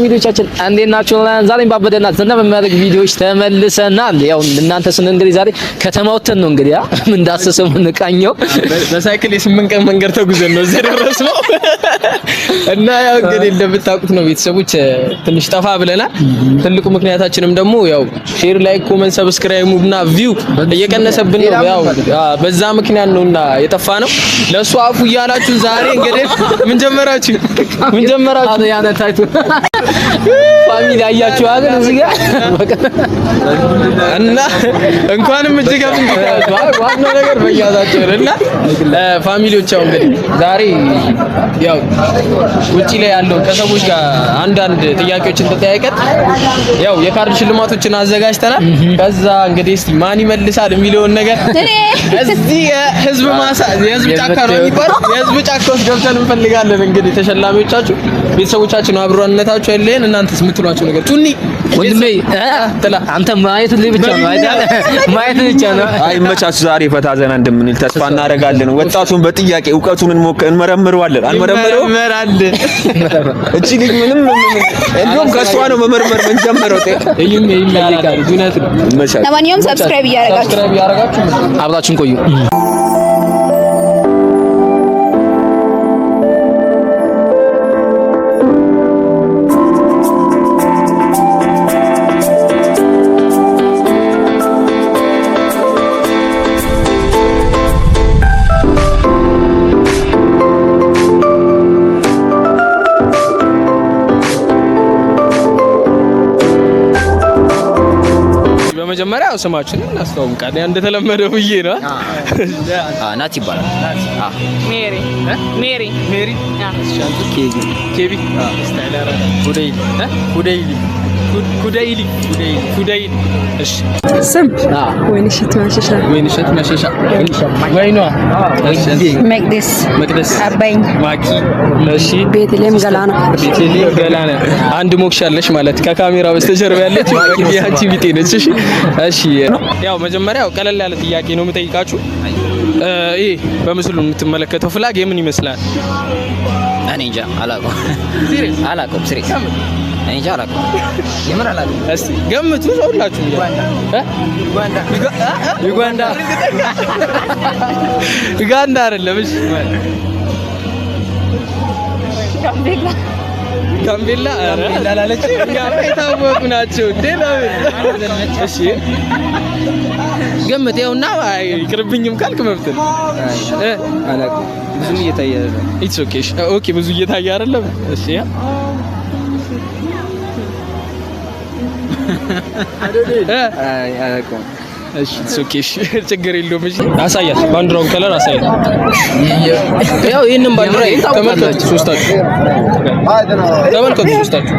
ፋሚሊዎቻችን እንዴት ናችሁ? ዛሬም ባበደና ዘና በሚያደርግ ቪዲዮዎች ተመልሰናል። ያው እናንተ ስን እንግዲህ ዛሬ ከተማ ወተን ነው እንግዲህ ያ ምን ዳሰሰው እንቃኘው በሳይክል የስምንት ቀን መንገድ ተጉዘን ነው እዚህ ነው እና ያው እንግዲህ እንደምታውቁት ነው ቤተሰቦች ትንሽ ጠፋ ብለናል። ትልቁ ምክንያታችንም ደግሞ ያው ሼር፣ ላይክ፣ ኮመንት፣ ሰብስክራይብ እና ቪው እየቀነሰብን ነው። ያው በዛ ምክንያት ነው እና የጠፋ ነው። ለሱ አፉ እያላችሁ ዛሬ እንግዲህ ምን ጀመራችሁ? ምን ጀመራችሁ? ፋሚሊ አያችሁ አይደል? እዚህ ጋር እና እንኳንም እጅግ ዋናው ነገር በያዛቸው እና ፋሚሊዎች ያው እንግዲህ ዛሬ ያው ውጪ ላይ ያለው ከሰዎች ጋር አንዳንድ ጥያቄዎችን ተጠያይቀን ያው የካርድ ሽልማቶችን አዘጋጅተናል። ከዛ እንግዲህ እስቲ ማን ይመልሳል የሚለውን ነገር እዚህ የህዝብ ማሳ የህዝብ ጫካ ነው የሚባለው የህዝብ ጫካ ውስጥ ገብተን እንፈልጋለን። እንግዲህ ተሸላሚዎቻችሁ ቤተሰቦቻችን አብሮነታችሁ ፈለን አይደል? እናንተስ ምትሏቸው ነገር ቱኒ ወንድሜ ጥላ አንተ ማየቱ ብቻ ነው አይደል? ማየቱ ብቻ ነው። አይ አይመቻችሁ። ዛሬ ፈታ ዘና እንደምንል ተስፋ እናደርጋለን። ወጣቱን በጥያቄ እውቀቱን እንሞክ እንመረምረዋለን። አንመረምረው እንመራለን። እቺ ልጅ ምንም እንደውም ከሷ ነው መመርመር ምን ጀመረው። ጤ እዩም ይላል። ለማንኛውም ሰብስክራይብ እያደረጋችሁ አብራችሁን ቆዩ። መጀመሪያ ስማችን እናስተዋውቃለን። እንደተለመደው ብዬ ነው። ናት ይባላል። ሜሪ ሜሪ ሜሪ ኬቢ ኬቢ ሁዴይሊ ኩደይሊ ኩደይሊ። እሺ ስም ወይንሸት መሸሻ ወይንሸት መሸሻ ወይኗ። መቅደስ መቅደስ አባይኝ ማኪ። እሺ ቤተልሔም ገላና ቤተልሔም ገላና። አንድ ሞክሽ አለሽ ማለት ከካሜራ በስተጀርባ ያለች ያቺ ቢጤ ነች። እሺ እሺ። ያው መጀመሪያ ቀለል ያለ ጥያቄ ነው የምጠይቃችሁ። ይሄ በምስሉ የምትመለከተው ፍላግ የምን ይመስላል? እኔ እንጃ አላውቀውም። እንጃ አላውቅም፣ የምር አላውቅም። እስቲ ገምቱ ሁላችሁ። ዩጋንዳ ዩጋንዳ አይደለም። እሺ ጋምቤላ ላለች የታወቁ ናቸው። እሺ ገምት። ይኸውና ይቅርብኝም ካልክ መብት ነው። ብዙም እየታየ ኦኬ ብዙ እየታየ አይደለም። እሺ ችግር የለውም። አሳያት ባንዲራውን ከለር አሳያት። ያው ይህንን ባንዲራ ተመልከቱ ሶስታችሁ፣ ተመልከቱ ሶስታችሁ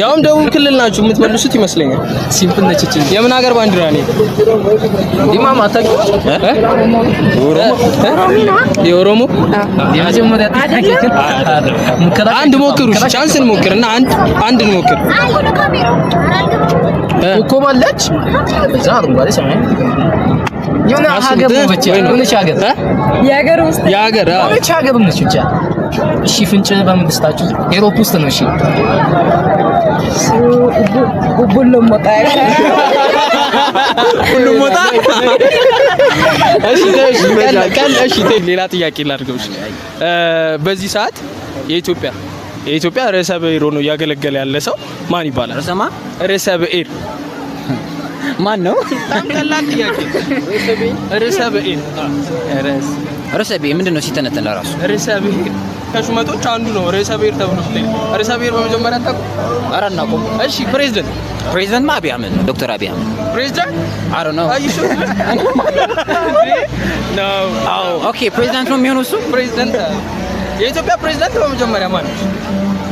ያውም ደቡብ ክልል ናችሁ የምትመልሱት ይመስለኛል። ሲምፕል ነች እቺ። የምን ሀገር ባንዲራ ነው? ዲማማ አታቂ የኦሮሞ አንድ ሞክሩ፣ ቻንስ እንሞክር እና አንድ አንድ እንሞክር። ኮከብ አለች እዛ አረንጓዴ ሰማይ የሆነ ሀገር የሆነች ውስጥ የሀገር የሆነች ሀገር ነች ብቻ እሺ ፍንጭ በምን ኤሮፕ ውስጥ ነው። እሺ ሁሉም ወጣ ሁሉም ወጣ። እሺ እሺ ቀን እሺ ተይ፣ ሌላ ጥያቄ ላድርገው። እሺ በዚህ ሰዓት የኢትዮጵያ የኢትዮጵያ ርዕሰ ብሔር ሆኖ እያገለገለ ያለ ሰው ማን ይባላል? ርዕሰ ማን? ርዕሰ ብሔር ማን ነው? በጣም ቀላል ጥያቄ። ርዕሰ ብሔር ርዕሰ ብሔር ምንድን ነው ሲተነተን ለራሱ ርዕሰ ብሔር ከሹመቶች አንዱ ነው ርዕሰ ብሔር ተብሎ ርዕሰ ብሔር በመጀመሪያ ታቁ ኧረ እናቁም። እሺ ፕሬዝደንት ፕሬዝደንት አብይ አህመድ ዶክተር አብይ አህመድ ፕሬዝደንት አሮ ነው ኦኬ ፕሬዝደንት ነው የሚሆነው እሱ ፕሬዝደንት የኢትዮጵያ ፕሬዝደንት በመጀመሪያ ማለት ነው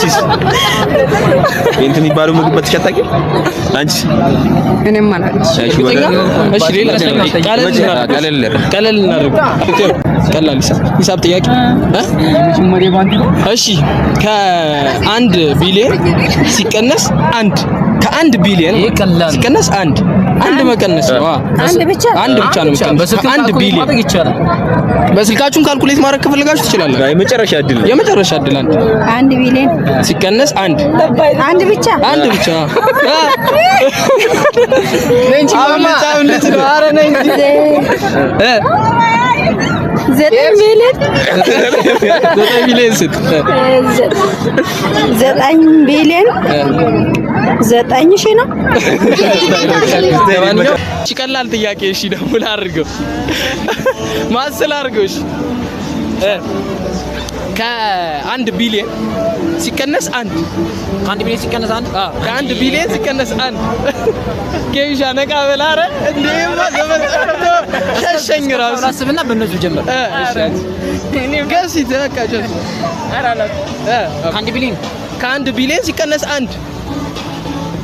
አንቺስ እንትን የሚባለው ምግብ በተሻታቂ አንቺ እኔም ሂሳብ እሺ ከአንድ ቢሊዮን ሲቀነስ አንድ ከአንድ ቢሊየን ሲቀነስ አንድ አንድ መቀነስ ነው። አንድ ብቻ አንድ ብቻ ነው መቀነስ ከአንድ ቢሊየን በስልካችሁን ካልኩሌት ማድረግ ከፈለጋችሁ ትችላላችሁ። የመጨረሻ እድል ነው። የመጨረሻ እድል አንድ አንድ ቢሊየን ሲቀነስ አንድ አንድ ብቻ አንድ ብቻ ነንቺ ማማ ታውልት ነው። አረ ነኝ እ ዘጠኝ ቢሊየን ዘጠኝ ቢሊየን ዘጠኝ ሺህ ነው። እሺ ቀላል ጥያቄ። እሺ ደግሞ ላድርገው፣ ማስል አድርገው። እሺ ከአንድ ቢሊየን ሲቀነስ አንድ ከአንድ ቢሊየን ሲቀነስ አንድ ከአንድ ቢሊየን ሲቀነስ አንድ ጌምሻ ነቃ በላረ እንደማ ዘመርቶ ሸሸኝ ራሱ አስብና በእነሱ ጀምር። ከአንድ ቢሊየን ከአንድ ቢሊየን ሲቀነስ አንድ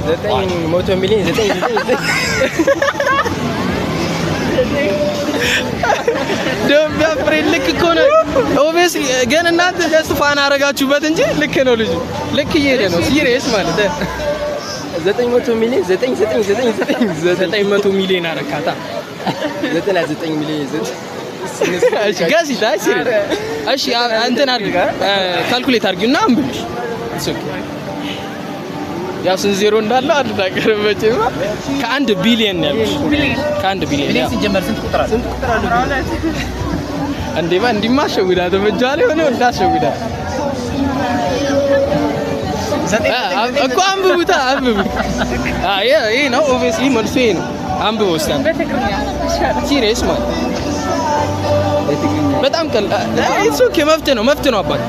ዘጠኝ መቶ ሚሊዮን ዘጠኝ ደምቢያ ፍሬ ልክ እኮ ነው። ኦቤስ ግን እናንተ ጀስት ፋን አረጋችሁበት እንጂ ልክ ነው። ልጁ ልክ እየሄደ ነው። ሲሪየስ ማለት ዘጠኝ መቶ ሚሊዮን ዘጠኝ ዘጠኝ ዘጠኝ ዘጠኝ መቶ ሚሊዮን አረካታ ዘጠና ዘጠኝ ሚሊዮን ገሲት አይ ሲሪየስ እሺ፣ እንትን አድርግ ካልኩሌት አድርጊና አንብልሽ ያው ስንት ዜሮ እንዳለ አንድ ነገር ከአንድ ቢሊየን ነው ያልኩሽ። ከአንድ ቢሊየን ሲጀመር ስንት ቁጥር አለ? ስንት ቁጥር አለ? እኮ አንብቡታ አንብቡ። ይሄ ነው ኦብቪየስሊ መልሱ ይሄ ነው። አንብቡ ሲሪየስ ማለት በጣም ቀላል ነው። መፍትሄ ነው መፍትሄ ነው አባት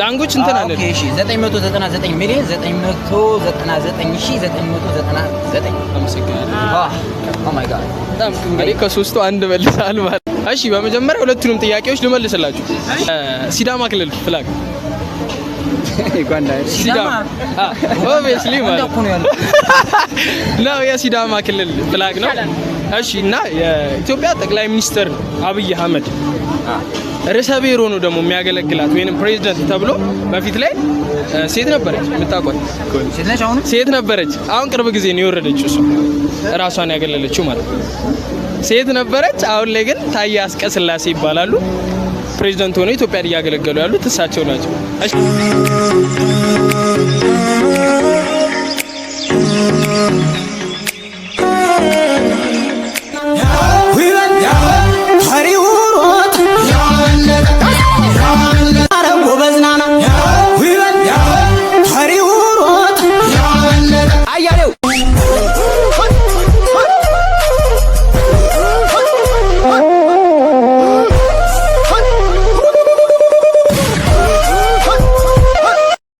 ላንጉጅ እንትን አለ። ኦኬ እሺ 999 ሚሊዮን 999999 አመሰግናለሁ። ኦ oh እንግዲህ ከሶስቱ አንድ መልሳል ማለት እሺ። በመጀመሪያ ሁለቱንም ጥያቄዎች ልመልስላችሁ። ሲዳማ ክልል ፍላግ ነው የሲዳማ ክልል ፍላግ ነው። እሺ እና የኢትዮጵያ ጠቅላይ ሚኒስትር አብይ አህመድ ርዕሰ ብሔር ሆኖ ደግሞ የሚያገለግላት ወይም ፕሬዚደንት ተብሎ በፊት ላይ ሴት ነበረች፣ የምታውቋት ሴት ነበረች። አሁን ቅርብ ጊዜ ነው የወረደችው እሱ ራሷን ያገለለችው ማለት ነው። ሴት ነበረች። አሁን ላይ ግን ታዬ ስላሴ ይባላሉ። ፕሬዚደንት ሆነው ኢትዮጵያን እያገለገሉ ያሉት እሳቸው ናቸው።